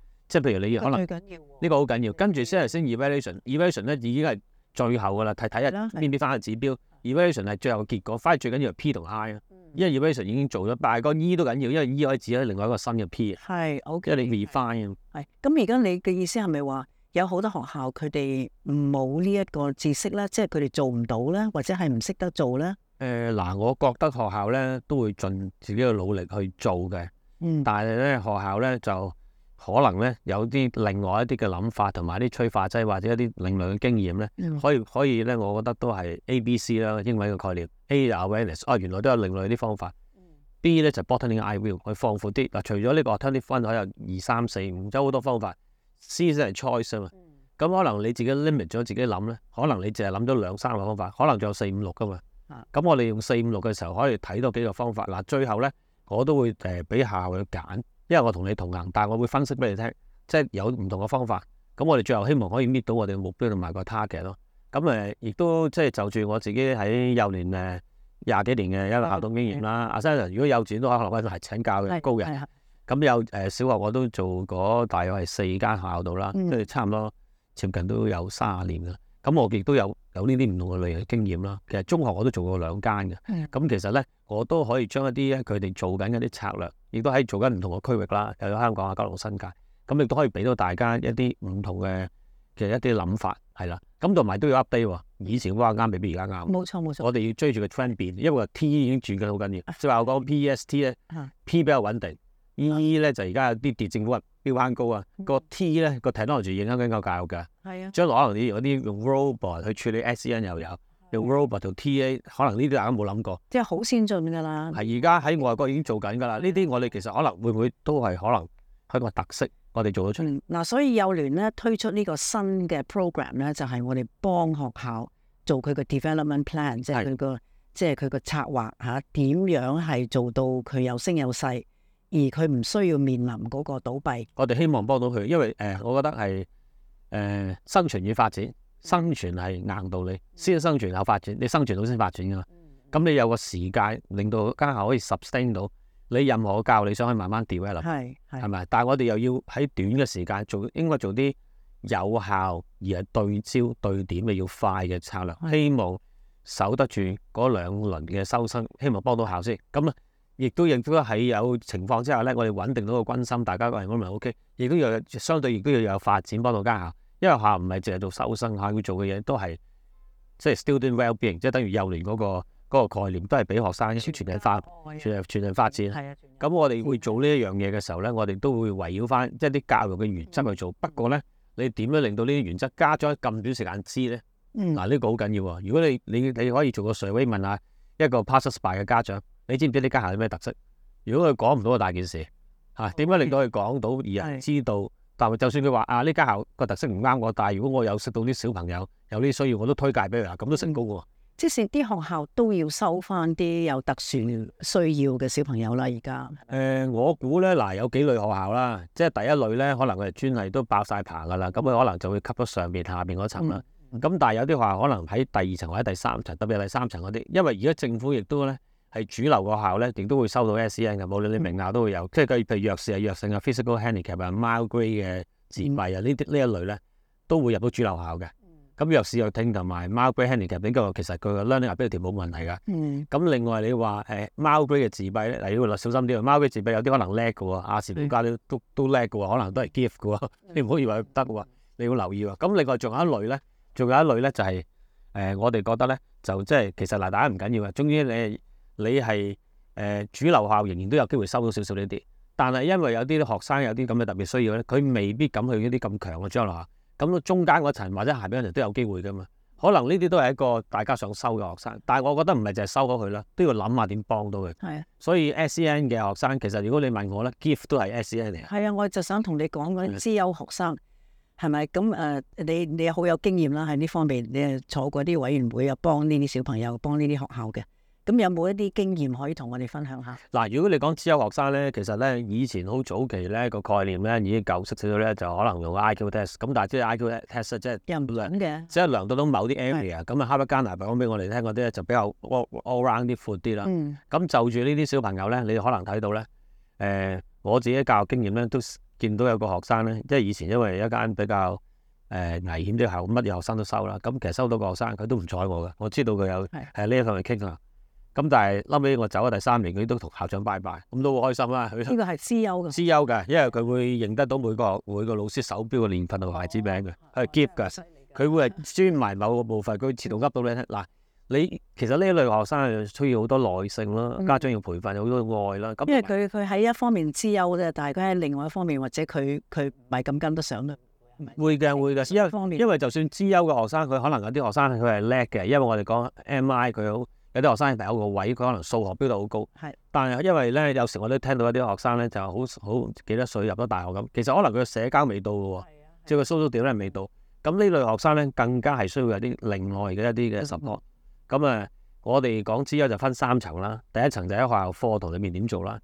Speaker 2: 即係譬如，你可能呢個好緊要，跟住先係先 evaluation，evaluation 咧已經係最後噶啦，睇睇下變唔變翻個指標。evaluation 係最後嘅結果，反而最緊要係 P 同 I 啊，因為 evaluation 已經做咗，但係個 E 都緊要，因為 E 可以指翻另外一個新嘅 P 啊，係，OK，因為你 refine 啊。
Speaker 1: 係，咁而家你嘅意思係咪話有好多學校佢哋冇呢一個知識咧，即係佢哋做唔到咧，或者係唔識得做咧？
Speaker 2: 誒，嗱，我覺得學校咧都會盡自己嘅努力去做嘅，但係咧學校咧就。可能咧有啲另外一啲嘅諗法，同埋一啲催化劑或者一啲另類嘅經驗咧、嗯，可以可以咧，我覺得都係 A、B、C 啦，英文嘅概念。A 就 Awareness，啊、哦、原來都有另類啲方法。B 咧就係、Broadening my view 去放闊啲。嗱，除咗呢、這個 Turning Point，可能有二三四五，有好多方法。C 就係 Choice 啊嘛。咁、嗯嗯、可能你自己 limit 咗自己諗咧，可能你淨係諗咗兩三個方法，可能仲有四五六噶嘛。咁、啊、我哋用四五六嘅時候，可以睇到幾個方法。嗱、啊，最後咧，我都會誒俾、呃、校去揀。因為我同你同行，但係我會分析俾你聽，即係有唔同嘅方法。咁我哋最後希望可以搣到我哋嘅目標同埋個 target 咯。咁、嗯、誒，亦都即係就住我自己喺幼年誒廿、呃、幾年嘅一個校董經驗啦。阿 Sara，如果幼稚園都可能係請教嘅高人。咁、嗯嗯、有誒、呃、小學我都做過，大約係四間校度啦，即係、嗯嗯、差唔多接近都有三十年啦。咁我亦都有有呢啲唔同嘅類型嘅經驗啦。其實中學我都做過兩間嘅，咁的其實咧我都可以將一啲佢哋做緊嘅啲策略，亦都喺做緊唔同嘅區域啦，又有香港啊、金龍新界，咁亦都可以俾到大家一啲唔同嘅嘅一啲諗法係啦。咁同埋都要 update 喎，以前嗰間啱未必而家啱。冇錯冇錯，錯我哋要追住個 trend 變，因為 T 已經轉緊好緊要。即係、啊、話我講 P E S T 咧、啊、P 比較穩定，E E 咧、啊、就而家有啲跌震屈。標杆高、嗯，那個、啊！個 T 咧，個 technology 影響緊個教育㗎。係啊，將來可能你啲用 robot 去處理 SEN 又有用、嗯、robot 同 T A，可能呢啲大家冇諗過。
Speaker 1: 即係好先進㗎啦。係
Speaker 2: 而家喺外國已經做緊㗎啦。呢啲我哋其實可能會唔會都係可能係個特色我，我哋做咗出嚟。
Speaker 1: 嗱、啊，所以幼聯咧推出呢個新嘅 program 咧，就係、是、我哋幫學校做佢個 development plan，即係佢個即係佢個策劃嚇，點、啊、樣係做到佢有聲有勢。而佢唔需要面臨嗰個倒閉，
Speaker 2: 我哋希望幫到佢，因為誒、呃，我覺得係誒、呃、生存與發展，生存係硬道理，先生存後發展，你生存到先發展噶嘛。咁、嗯、你有個時間令到間校可以 sustain 到，你任何教你想可以慢慢 develop，係，係咪？但係我哋又要喺短嘅時間做，應該做啲有效而係對焦對點嘅要快嘅策略，希望守得住嗰兩輪嘅收生，希望幫到校先。咁咧。亦都亦都喺有情況之下咧，我哋穩定到個軍心，大家個員工咪 OK。亦都有相對，亦都要有發展幫到家校，因為校唔係淨係到修生校要做嘅嘢都係即係 student well being，即係等於幼年嗰、那個那個概念，都係俾學生一全人發全人全人發展。係啊人，咁人我哋會做呢一樣嘢嘅時候咧，我哋都會圍繞翻即係啲教育嘅原則去做。嗯、不過咧，你點樣令到呢啲原則家長咁短時間知咧？嗱、嗯，呢個好緊要喎。如果你你你可以做個 survey 問,問一下一個 passer-by 嘅家長。你知唔知呢間校有咩特色？如果佢講唔到個大件事，吓點好、啊、樣令到佢講到而人是知道？但係就算佢話啊呢間校個特色唔啱我，但係如果我有識到啲小朋友有啲需要，我都推介俾佢啦，咁都成功喎。
Speaker 1: 即係啲學校都要收翻啲有特殊需要嘅小朋友啦，而家。誒、呃，
Speaker 2: 我估咧嗱，有幾類學校啦，即係第一類咧，可能佢哋專係都爆晒棚噶啦，咁佢、嗯、可能就會吸咗上邊下邊嗰層啦。咁、嗯嗯、但係有啲學校可能喺第二層或者第三層，特別係第三層嗰啲，因為而家政府亦都咧。係主流學校咧，亦都會收到 SEN 嘅，冇論你名校都會有，即係佢譬如弱視啊、弱性啊、Physical Handicap 啊、Mild Grade 嘅自閉啊，呢啲呢一類咧都會入到主流校嘅。咁弱視又聽同埋 Mild Grade Handicap 應該話其實佢嘅 Learning Ability 冇問題嘅。咁另外你話誒 Mild Grade 嘅自閉咧，嗱你要小心啲啊。Mild Grade 自閉有啲可能叻嘅喎，亞氏保加都都都叻嘅喎，可能都係 gift 嘅喎，你唔好以為佢得嘅喎，你要留意喎。咁另外仲有一類咧，仲有一類咧就係誒，我哋覺得咧就即係其實嗱，大家唔緊要嘅，終於你。你係誒、呃、主流校仍然都有機會收到少少呢啲，但係因為有啲學生有啲咁嘅特別需要咧，佢未必敢去一啲咁強嘅將來嚇。咁到中間嗰層或者下邊嗰層都有機會噶嘛。可能呢啲都係一個大家想收嘅學生，但係我覺得唔係淨係收咗佢啦，都要諗下點幫到佢。係啊。所以 SEN 嘅學生其實如果你問我咧，gift 都係 SEN 嚟。
Speaker 1: 係啊，我就想同你講嗰啲資優學生係咪咁誒？你你好有經驗啦喺呢方面，你係坐過啲委員會啊，幫呢啲小朋友，幫呢啲學校嘅。咁有冇一啲經驗可以同我哋分享下？
Speaker 2: 嗱，如果你講資優學生咧，其實咧以前好早期咧、這個概念咧已經舊式少少咧，就可能用 I Q test。咁但係啲 I Q test 即係即係量到到某啲 area 是。咁啊、嗯，開一間嚟講俾我哋聽嗰啲咧就比較 all round 啲闊啲啦。咁就住呢啲小朋友咧，你可能睇到咧，誒、嗯呃、我自己教育經驗咧都見到有個學生咧，即係以前因為一間比較誒、呃、危險啲校，乜嘢學生都收啦。咁其實收到個學生，佢都唔睬我嘅。我知道佢有係呢一份嚟傾啊。是咁但係，後尾我走咗第三年，佢都同校長拜拜，咁都好開心啦。呢個係資優嘅，資優嘅，因為佢會認得到每個每個老師手錶嘅年份同牌子名嘅，佢係夾嘅。佢、啊、會係專埋某個部分，佢自動噏到你嗱、啊，你其實呢類學生係需要好多耐性啦，嗯、家長要培訓好多愛啦。因為
Speaker 1: 佢佢喺一方面資優啫，但係佢喺另外一方面或者佢佢唔係咁跟得上啦。
Speaker 2: 會嘅會嘅，因為因為就算資優嘅學生，佢可能有啲學生佢係叻嘅，因為我哋講 MI 佢好。有啲學生係第一個位？佢可能數學標得好高，的但係因為咧，有時我都聽到一啲學生咧，就好好幾多歲入咗大學咁。其實可能佢社交未到嘅喎，即係佢 social 點咧未到。咁、嗯、呢、嗯、類學生咧，更加係需要有啲另外嘅一啲嘅 support。咁、嗯、啊、嗯，我哋講之一就分三層啦。第一層就喺學校課堂裡面點做啦。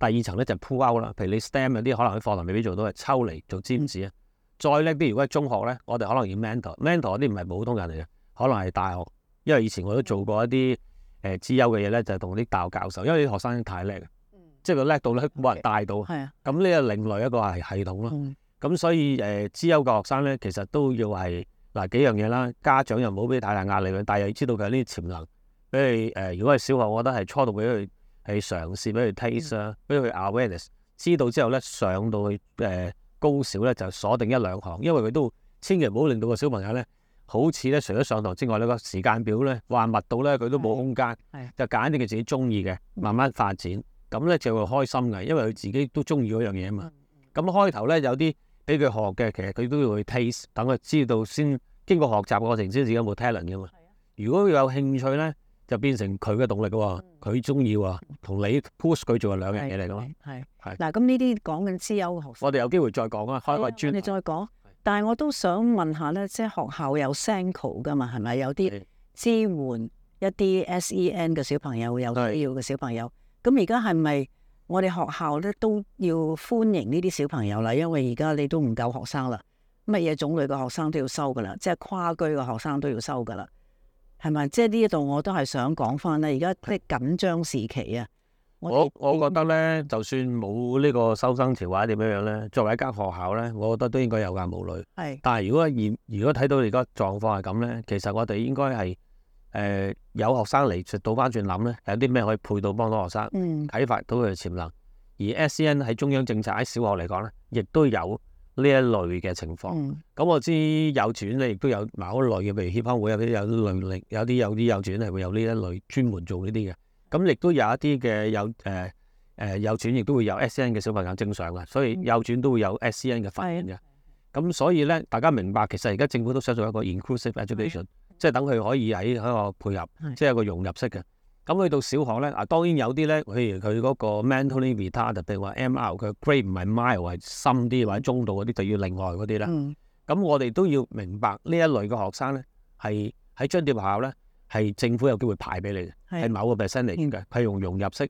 Speaker 2: 第二層咧就鋪 Out 啦。譬如你 STEM 有啲可能喺課堂未必做到，抽嚟做尖子啊。再叻啲，如果係中學咧，我哋可能要 mentor。mentor 嗰啲唔係普通人嚟嘅，可能係大學，因為以前我都做過一啲。誒資優嘅嘢咧，就係同啲大學教授，因為啲學生太叻，嗯、即係佢叻到咧冇人帶到。係啊 Okay,、嗯，咁呢個另類一個係系統咯。咁、嗯嗯嗯、所以誒資優嘅學生咧，其實都要係嗱、啊、幾樣嘢啦。家長又唔好俾太大壓力佢，但係要知道佢有啲潛能。譬如誒、呃，如果係小學，我覺得係初度俾佢去嘗試 aste、嗯，俾佢 taste 啦，俾佢 awareness，知道之後咧，上到去誒高小咧，就鎖定一兩行，因為佢都千祈唔好令到個小朋友咧。好似咧，除咗上堂之外，呢個時間表咧，話密到咧，佢都冇空間，就揀啲佢自己中意嘅，慢慢發展，咁咧就會開心嘅，因為佢自己都中意嗰樣嘢啊嘛。咁開頭咧有啲俾佢學嘅，其實佢都會去 taste，等佢知道先經過學習過程先自己有冇 talent 嘅嘛。如果有興趣咧，就變成佢嘅動力喎，佢中意喎，同你 push 佢做係兩樣嘢嚟㗎嘛。係係。
Speaker 1: 嗱，咁呢啲講緊私有嘅學
Speaker 2: 生。我哋有機會再講
Speaker 1: 啊，開個專。你再講。但係我都想問下咧，即係學校有 SENCO 噶嘛？係咪有啲支援一啲 SEN 嘅小朋友、有需要嘅小朋友？咁而家係咪我哋學校咧都要歡迎呢啲小朋友啦？因為而家你都唔夠學生啦，乜嘢種類嘅學生都要收噶啦，即係跨區嘅學生都要收噶啦，係咪？即係呢一度我都係想講翻咧，而家即係緊張時期啊！
Speaker 2: 我我覺得咧，就算冇呢個收生潮或者點樣樣咧，作為一間學校咧，我覺得都應該有教無類。係是。但係如果而如果睇到而家狀況係咁咧，其實我哋應該係誒、呃、有學生嚟倒翻轉諗咧，有啲咩可以配到幫到學生，啟發到佢嘅潛能。嗯、而 SEN 喺中央政策喺小學嚟講咧，亦都有呢一類嘅情況。咁、嗯、我知幼稚園咧，亦都有某一類嘅譬如協康會有啲有能力，有啲有啲幼稚園係會有呢一類專門做呢啲嘅。咁亦都有一啲嘅有誒誒幼園亦都會有 S.N. 嘅小朋友正常嘅，所以幼園都會有 S.N. 嘅發現嘅。咁所以咧，大家明白，其實而家政府都想做一個 inclusive education，即係等佢可以喺喺個配合，即係有個融入式嘅。咁去到小學咧，啊當然有啲咧，譬如佢嗰個 mentally retarded，譬如話 M.R. 佢 grade 唔係 mile 係，深啲或者中度嗰啲，就要另外嗰啲啦。咁我哋都要明白呢一類嘅學生咧，係喺津貼學校咧，係政府有機會派俾你嘅，係某個 percent 嚟嘅，係的用融入式。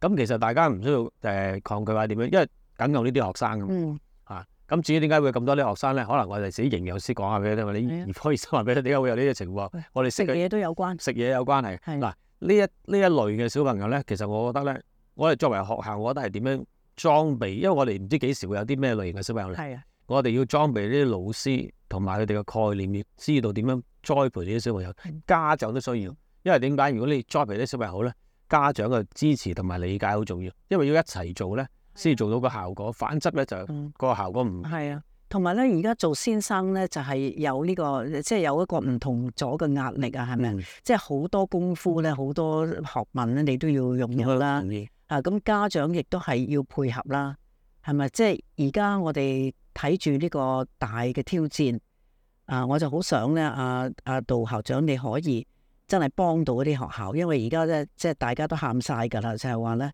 Speaker 2: 咁其實大家唔需要誒抗拒或點樣，因為梗有呢啲學生㗎嘛、嗯、啊。咁至於點解會咁多啲學生咧？可能我哋自己營養師講下俾你聽，因的你兒科醫生話俾你聽，點解會有呢啲情況？的我哋食嘢都有關，食嘢有關係。嗱呢的的一呢一類嘅小朋友咧，其實我覺得咧，我哋作為學校，我覺得係點樣裝備？因為我哋唔知幾時會有啲咩類型嘅小朋友咧，的我哋要裝備呢啲老師同埋佢哋嘅概念，要知道點樣。栽培呢啲小朋友，家長都需要，因為點解？如果你栽培啲小朋友咧，家長嘅支持同埋理解好重要，因為要一齊做咧，先做到個效果。的反則咧就個效果唔。
Speaker 1: 係啊的，同埋咧，而家做先生咧就係有呢個，即係有一個唔同咗嘅壓力啊，係咪？嗯、即係好多功夫咧，好多學問咧，你都要擁有啦。嗯、啊，咁家長亦都係要配合啦，係咪？即係而家我哋睇住呢個大嘅挑戰。Uh, 啊！我就好想咧，阿阿杜校長，你可以真係幫到嗰啲學校，因為而家咧即係大家都喊晒㗎啦，就係話咧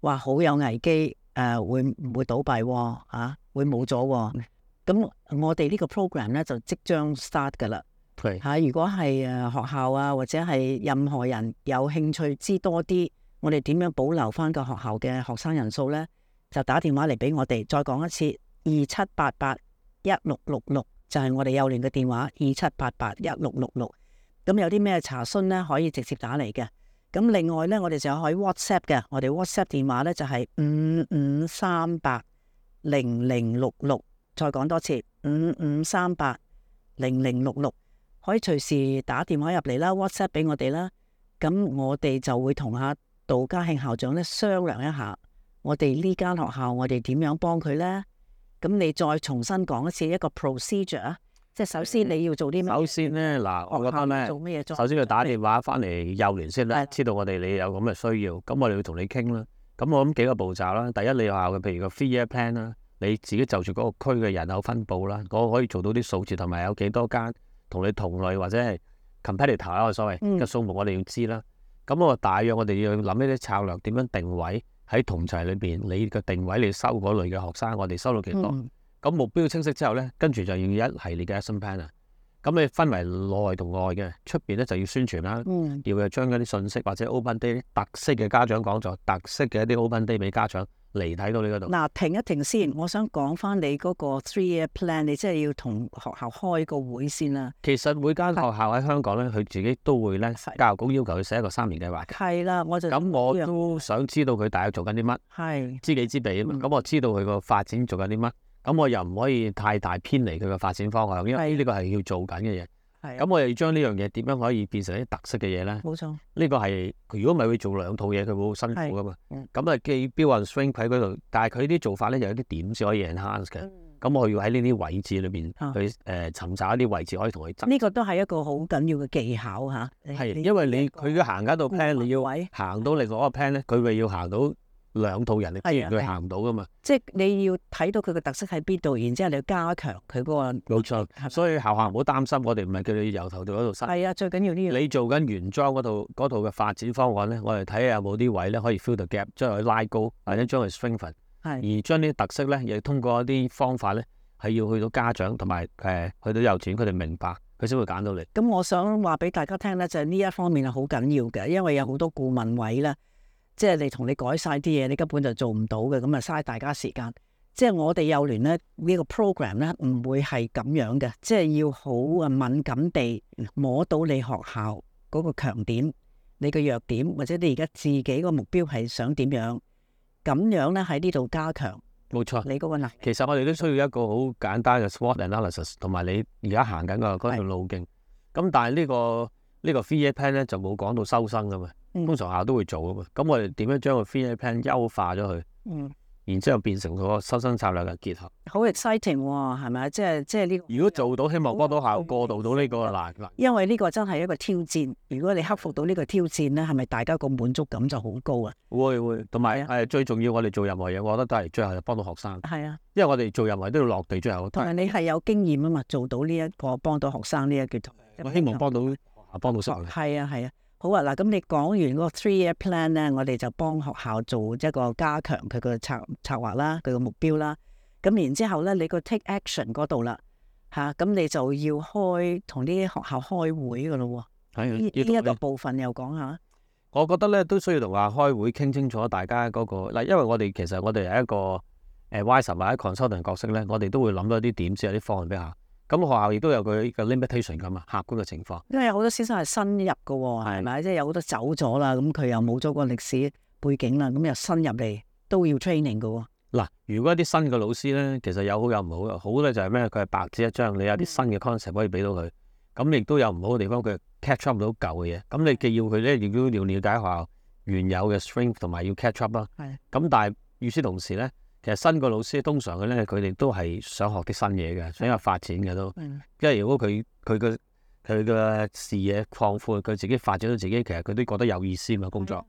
Speaker 1: 嘩好有危機，誒、啊、會唔會倒閉喎、哦？嚇、啊、會冇咗喎？咁是我哋呢個 program 咧就即將 start 㗎啦。係是、啊、如果係誒學校啊，或者係任何人有興趣知多啲，我哋點樣保留翻個學校嘅學生人數咧，就打電話嚟俾我哋，再講一次二七八八一六六六。就係我哋幼聯嘅電話二七八八一六六六，咁有啲咩查詢咧可以直接打嚟嘅。咁另外咧，我哋就可以 WhatsApp 嘅，我哋 WhatsApp 電話咧就係五五三八零零六六。再講多次，五五三八零零六六，可以隨時打電話入嚟啦，WhatsApp 俾我哋啦。咁我哋就會同阿杜家慶校長咧商量一下我，我哋呢間學校我哋點樣幫佢咧？咁你再重新講一次一個 procedure，即係首先你要做啲咩？首先咧，嗱，我覺得咧做咩嘢？首
Speaker 2: 先佢打電話翻嚟幼聯先啦，知道我哋你有咁嘅需要，咁我哋要同你傾啦。咁我諗幾個步驟啦。第一，你學校嘅譬如個3 year plan 啦，你自己就住嗰個區嘅人口分布啦，我可以做到啲數字同埋有幾多間同你同類或者係 competitor 啊，所謂嘅數目我哋要知啦。咁我大約我哋要諗呢啲策略點樣定位。喺同齊裏面，你嘅定位，你收嗰類嘅學生，我哋收到幾多？咁、嗯、目標清晰之後呢，跟住就要一系列嘅 action plan 啦。咁你分為內同外嘅，出邊咧就要宣傳啦，嗯、要又將一啲信息或者 open Day 特色嘅家長講座，特色嘅一啲 open day 俾家長。嚟睇到你嗰度。
Speaker 1: 嗱，停一停先，我想講翻你嗰個 three year plan，你即係要同學校開個會先啦。
Speaker 2: 其實每間學校喺香港咧，佢是自己都會咧，教育局要求佢寫一個三年計劃。
Speaker 1: 係啦，我就咁
Speaker 2: 我都想知道佢大約做緊啲乜。係的。知己知彼，咁、嗯、我知道佢個發展做緊啲乜，咁我又唔可以太大偏離佢個發展方向，因為呢個係要做緊嘅嘢。咁、嗯、我又要將呢樣嘢點樣可以變成一啲特色嘅嘢咧？冇錯，呢個係如果唔係會做兩套嘢，佢會好辛苦噶嘛。咁啊，既標 a swing 喺嗰度，但係佢啲做法咧又有啲點先可以 enhance 嘅。咁我要喺呢啲位置裏邊去誒、啊呃、尋找一啲位置可以同佢執。呢
Speaker 1: 個都係一個好緊要嘅技巧嚇。
Speaker 2: 係是你因為你佢、這個、而家行緊度 plan，位你要行到你個 plan 咧，佢咪要行到。兩套人嚟，當然佢行唔到噶嘛。
Speaker 1: 即係你要睇到佢嘅特色喺邊度，然
Speaker 2: 之後你要加強佢嗰個。冇錯錯，吧所以校校唔好擔心，我哋唔係叫你由頭到嗰度塞。係啊，最緊要呢樣。你做緊原裝嗰套嘅發展方案咧，我哋睇下有冇啲位咧可以 fill the gap，將佢拉高，或者將佢 strengthen。而將啲特色咧，又通過一啲方法咧，係要去到家長同埋誒去到幼稚園，佢哋明白佢先會揀到你。
Speaker 1: 咁我想話俾大家聽咧，就係、是、呢一方面係好緊要嘅，因為有好多顧問位啦。即係你同你改晒啲嘢，你根本就做唔到嘅，咁啊嘥大家時間。即係我哋幼聯咧呢、呢個 program 咧唔會係咁樣嘅，即係要好啊敏感地摸到你學校嗰個強點、你嘅弱點，或者你而家自己個目標係想點樣，咁樣咧喺呢度加強。冇錯錯，你嗰個難。其實我哋都
Speaker 2: 需要一個好簡單嘅 SWOT analysis，同埋你而家行緊嘅嗰條路徑。咁是但係、這個這個、呢個呢個 three year plan 咧就冇講到收生嘅嘛。通常校都會做啊嘛，咁我哋點樣將個 final plan 優化咗佢，嗯，然之後變成個新生策略嘅結合，
Speaker 1: 好 exciting 係咪？即係即係呢？
Speaker 2: 如果做到，希望幫到校過渡到呢個難難。
Speaker 1: 因為呢個真係一個挑戰，如果你克服到呢個挑戰咧，係咪大家個滿足感就好高啊？
Speaker 2: 會會，同埋係最重要，我哋做任何嘢，我覺得都係最後就幫到學生。係啊，因為我哋做任何都要落地，
Speaker 1: 最後同埋你係有經驗啊嘛，做到呢一個幫到學生呢一個我希望幫到幫到係啊係啊。好啊，嗱，咁你講完嗰個 three year plan 咧，我哋就幫學校做一個加強佢個策策劃啦，佢個目標啦。咁然之後咧，你個 take action 嗰度啦，嚇、啊，咁你就要開同啲學校開會噶咯喎。呢呢的這一個部分又講下。
Speaker 2: 我覺得咧都需要同話開會傾清楚大家嗰、那個，嗱，因為我哋其實我哋係一個誒 wise、呃、同埋 consultant 角色咧，我哋都會諗到一啲點有，試下啲方案俾下。咁學校亦都有佢個 limitation 㗎嘛，客觀嘅情況。
Speaker 1: 因為有好多先生係新入嘅喎、哦，係咪？即係有好多走咗啦，咁佢又冇咗個歷史背景啦，咁又新入嚟都要 training 嘅喎、
Speaker 2: 哦。嗱，如果一啲新嘅老師咧，其實有好有唔好。好咧就係咩？佢係白紙一張，你有啲新嘅 concept 可以俾到佢。咁亦、嗯、都有唔好嘅地方，佢 catch up 到舊嘅嘢。咁你既要佢咧，亦都要了解學校原有嘅 strength，同埋要 catch up 啦的。係。咁但係與此同時咧。其實新個老師通常呢，佢哋都係想學啲新嘢嘅，的想有發展嘅都。的因為如果佢佢個視野擴闊，佢自己發展到自己，其實佢都覺得有意思嘅工作。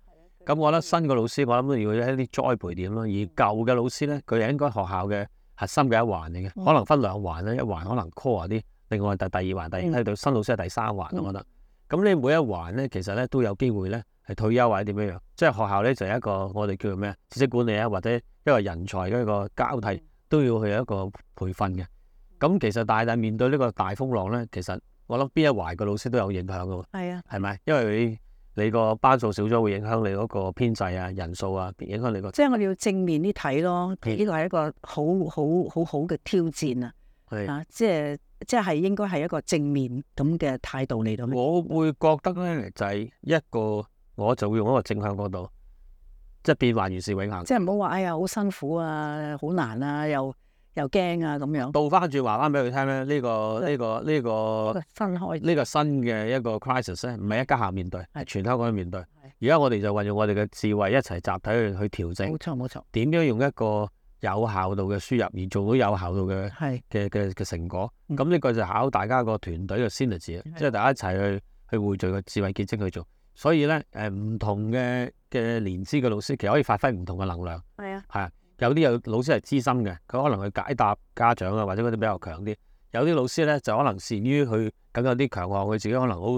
Speaker 2: 咁我覺得新個老師，我諗要一啲栽培點咯。而舊嘅老師呢，佢係應該學校嘅核心嘅一環嚟嘅，的可能分兩環咧，一環可能 core 啲，另外第二環，第二係對的新老師係第三環我覺得。的的咁你每一環呢，其實呢都有機會呢，係退休或者點樣樣，即係學校呢，就係一個我哋叫做咩啊，知識管理啊，或者一個人才的一個交替，都要去一個培訓嘅。咁其實大大面對呢個大風浪呢，其實我諗邊一環嘅老師都有影響嘅喎。係啊，係咪？因為你你個班數少咗，會影響你嗰個編制啊、人數啊，影響你、那個。即係
Speaker 1: 我哋要正面啲睇咯，其、這、呢個係一個好好好，好好好嘅挑戰啊！
Speaker 2: 係啊，
Speaker 1: 即係。即係應該係一個正面咁嘅態度嚟到。我
Speaker 2: 會覺得呢，就係、是、一個，我就會用一個正向角度，即係變幻原是永恒。即係
Speaker 1: 唔好話哎呀好辛苦啊，好難啊，又又驚啊咁樣。
Speaker 2: 倒翻轉話翻俾佢聽咧，呢、這個呢、這個呢、這個、個，個新開呢個新嘅一個 crisis 呢，唔係一家下面對，係的全香港面對。而家的我哋就運用我哋嘅智慧一齊集體去去調整。冇錯冇錯。點樣用一個？有效度嘅輸入而做到有效度嘅是成果，咁呢、嗯、個就考大家個團隊嘅 synergy 即係大家一齊去去匯聚個智慧結晶去做。所以呢，誒、呃、唔同嘅嘅年資嘅老師其實可以發揮唔同嘅能量，的有啲老師係資深嘅，佢可能去解答家長啊，或者嗰啲比較強啲；有啲老師咧就可能擅於去，咁有啲強項，佢自己可能好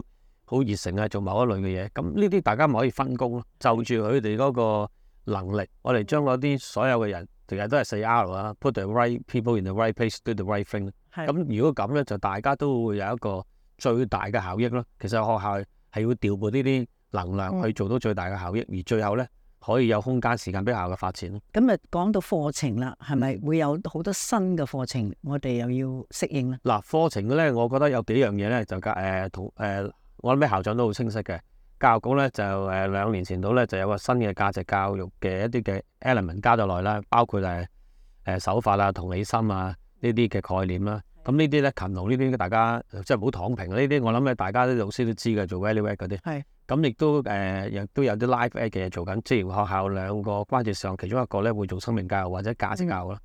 Speaker 2: 好熱誠啊，做某一類嘅嘢。咁呢啲大家咪可以分工咯，就住佢哋嗰個能力，我哋將嗰啲所有嘅人,人。成日都係四 R 啊 put the right people in the right place，do the right thing。咁是如果咁呢，就大家都會有一個最大嘅效益咯。其實學校係要調撥呢啲能量、嗯、去做到最大嘅效益，而最後呢，可以有空間時間俾學校嘅發展咯。
Speaker 1: 咁啊、嗯，講、嗯、到課程啦，係咪會有好多新嘅課程？我哋又要適應呢。
Speaker 2: 嗱、嗯、課程呢，我覺得有幾樣嘢呢，就格誒同誒，我諗咩校長都好清晰嘅。教育局咧就誒兩、呃、年前度咧就有個新嘅價值教育嘅一啲嘅 element 加咗落嚟啦，包括誒誒守法啊、同理心啊呢啲嘅概念啦、啊。咁呢啲咧勤勞呢啲，大家即係唔好躺平啊！呢啲我諗咧，大家啲老師都知嘅，做 value add 嗰啲。係是。咁亦、嗯、都誒亦、呃、都有啲 live add 嘅做緊，即係學校兩個關注上，其中一個咧會做生命教育或者價值教育啦。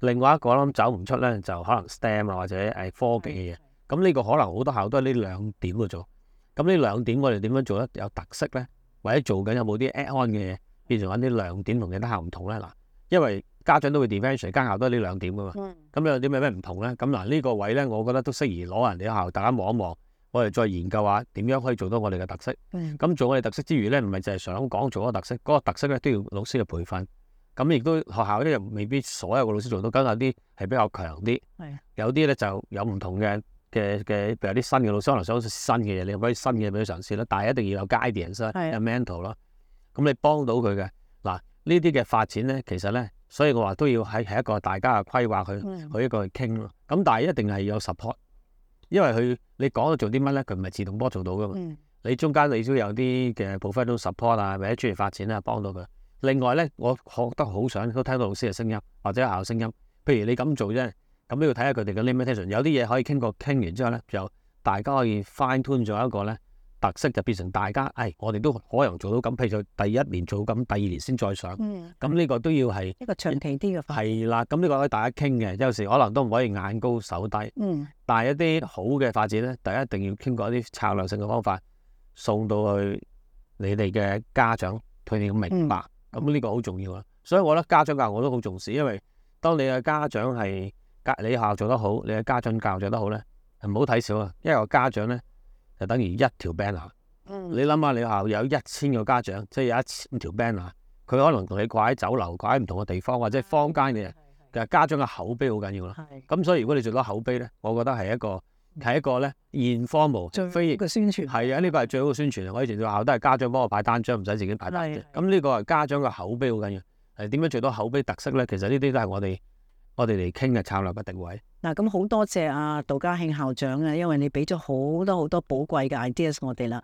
Speaker 2: 是另外一個我諗走唔出咧，就可能 STEM 啊或者係科技嘅嘢。咁呢個可能好多校都係呢兩點嘅做。咁呢兩點我哋點樣做得有特色咧？或者做緊有冇啲 AI 嘅嘢變成有啲亮點，點同其他校唔同咧？嗱，因為家長都會 differentiation 學校都係呢兩點噶嘛。咁有啲有咩唔同咧？咁嗱呢個位咧，我覺得都適宜攞人哋學校大家望一望，我哋再研究下點樣可以做到我哋嘅特色。咁、嗯、做我哋特色之餘咧，唔係淨係想啱講做特、嗰個特色，嗰個特色咧都要老師嘅培訓。咁亦都學校咧又未必所有嘅老師做到，咁有啲係比較強啲，的有啲咧就有唔同嘅。嘅嘅，譬如啲新嘅老師，可能想新嘅嘢，你可以新嘅嘢俾佢嘗試啦。但係一定要有 guidance 啦是，有 mentor 啦。咁你幫到佢嘅嗱呢啲嘅發展咧，其實咧，所以我話都要係係一個大家嘅規劃，佢佢一個去傾咯。咁但係一定係有 support，因為佢你講做啲乜咧，佢唔係自動波做到噶嘛。嗯、你中間你都有啲嘅 professional support 啊，或者出嚟發展啊，幫到佢。另外咧，我覺得好想都聽到老師嘅聲音或者校嘅聲音。譬如你咁做啫。咁呢度睇下佢哋嘅 limitation。有啲嘢可以傾過，傾完之後咧，就大家可以 fine tune，咗一個咧特色就變成大家，誒、哎，我哋都可能做到咁。譬如就第一年做咁，第二年先再上。嗯，咁呢個都要係一個長期啲嘅發展。係啦，咁呢、這個可以大家傾嘅。有時可能都唔可以眼高手低。嗯，但係一啲好嘅發展咧，大家一定要傾過一啲策略性嘅方法送到去你哋嘅家長，佢哋要明白。咁呢、嗯嗯、個好重要啦。所以我覺得家長教育我都好重視，因為當你嘅家長係。家你學校做得好，你嘅家長教育做得好呢，唔好睇少啊！因為我家長呢，就等於一條 banner。嗯。你諗下，你學校有一千個家長，即係有一千條 banner，佢可能同你掛喺酒樓，掛喺唔同嘅地方，或者坊間嘅，其實家長嘅口碑好緊要咯。係。咁所以如果你做到口碑呢，我覺得係一個係一個呢現方無非亦嘅宣傳係啊，呢個係最好嘅宣傳啊！我以前學校都係家長幫我擺單張，唔使自己擺單張。咁呢個係家長嘅口碑好緊要。係點樣做到口碑特色呢？其實呢啲都係我哋。我哋嚟傾嘅策略不定位。
Speaker 1: 嗱，咁好多謝阿、啊、杜家慶校長啊，因為你俾咗好多好多寶貴嘅 ideas 我哋啦。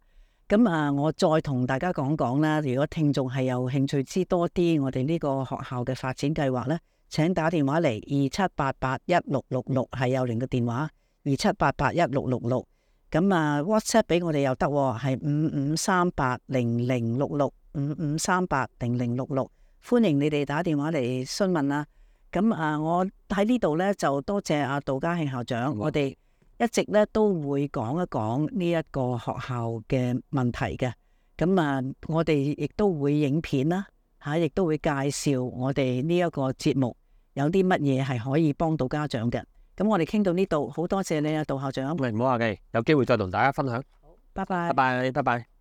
Speaker 1: 咁啊，我再同大家講講啦。如果聽眾係有興趣知多啲我哋呢個學校嘅發展計劃咧，請打電話嚟二七八八一六六六，係幼聯嘅電話，二七八八一六六六。咁啊，WhatsApp 俾我哋又得，係五五三八零零六六五五三八零零六六。歡迎你哋打電話嚟詢問啊！咁啊，我喺呢度呢，就多謝阿杜家慶校長，嗯、我哋一直呢都會講一講呢一個學校嘅問題嘅。咁啊，我哋亦都會影片啦，吓、啊、亦都會介紹我哋呢一個節目有啲乜嘢係可以幫到家長嘅。咁我哋傾到呢度，好多謝你啊杜校長。唔好客氣，有機會再同大家分享。好，拜拜、拜拜。拜拜。